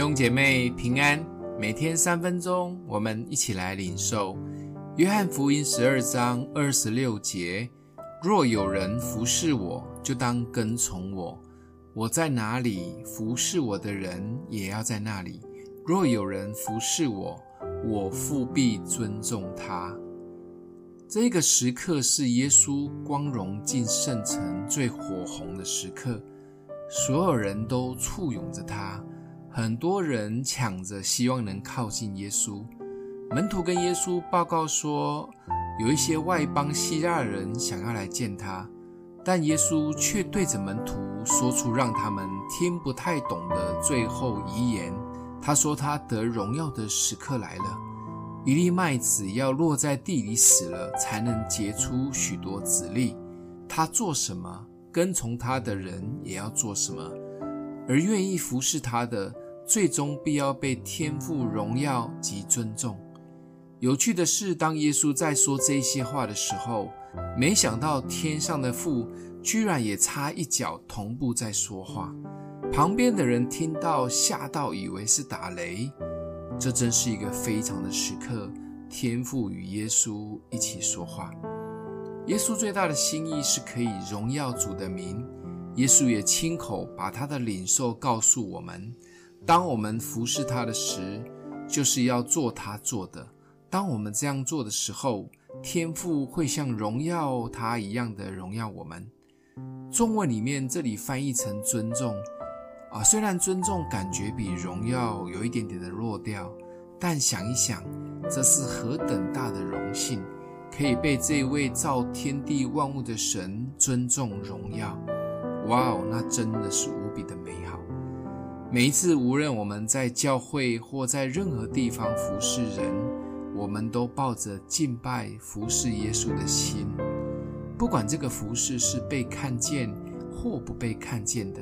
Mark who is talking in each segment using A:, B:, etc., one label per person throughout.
A: 弟兄姐妹平安，每天三分鐘，我們一起來領受《約翰福音》十二章二十六節：“若有人服侍我，就當跟從我；我在那裡，服侍我的人也要在那裡。若有人服侍我，我父必尊重他。”這個時刻是耶穌光榮進聖城最火紅的時刻，所有人都簇擁着他。很多人搶着希望能靠近耶穌。門徒跟耶穌報告說，有一些外邦希臘人想要來見他，但耶穌卻對着門徒說出讓他們聽不太懂的最後遺言。他說：“他得榮耀的時刻來了。一粒麥子要落在地裡死了，才能結出許多子粒。他做什麼，跟從他的人也要做什麼。而願意服事他的。”最終必要被天父榮耀及尊重。有趣的是，當耶穌在說這些話的時候，沒想到天上的父居然也插一腳，同步在說話。旁邊的人聽到，嚇到以為是打雷。這真是一個非常的時刻，天父與耶穌一起說話。耶穌最大的心意是可以榮耀主的名。耶穌也親口把他的領受告訴我們。當我們服侍他的時，就是要做他做的。當我們這樣做的時候，天父會像榮耀他一樣的榮耀我們。中文裡面這裡翻譯成尊重啊，雖然尊重感覺比榮耀有一點點的弱掉，但想一想，這是何等大的榮幸，可以被這一位造天地萬物的神尊重、榮耀。哇哦，那真的是無比的美好。每一次，無論我們在教會或在任何地方服侍人，我們都抱着敬拜、服侍耶穌的心。不管這個服侍是被看見或不被看見的，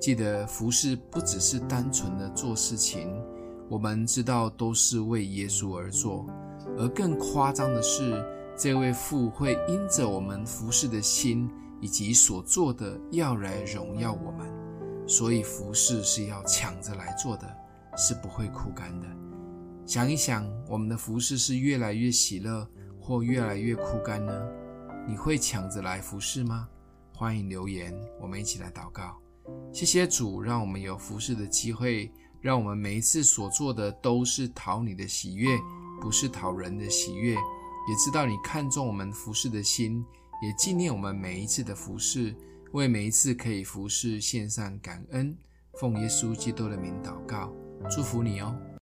A: 記得服侍不只是單純的做事情，我們知道都是為耶穌而做。而更誇張的是，這位父會因着我們服侍的心以及所做的，要來榮耀我們。所以服事是要搶着來做的，是不會枯乾的。想一想，我們的服事是越來越喜樂，或越來越枯乾呢？你會搶着來服事嗎？歡迎留言，我們一起來禱告。謝謝主，讓我們有服事的機會，讓我們每一次所做的都是討你的喜悅，不是討人的喜悅。也知道你看重我們服事的心，也紀念我們每一次的服事。為每一次可以服侍，獻上感恩，奉耶穌基督的名禱告，祝福你哦。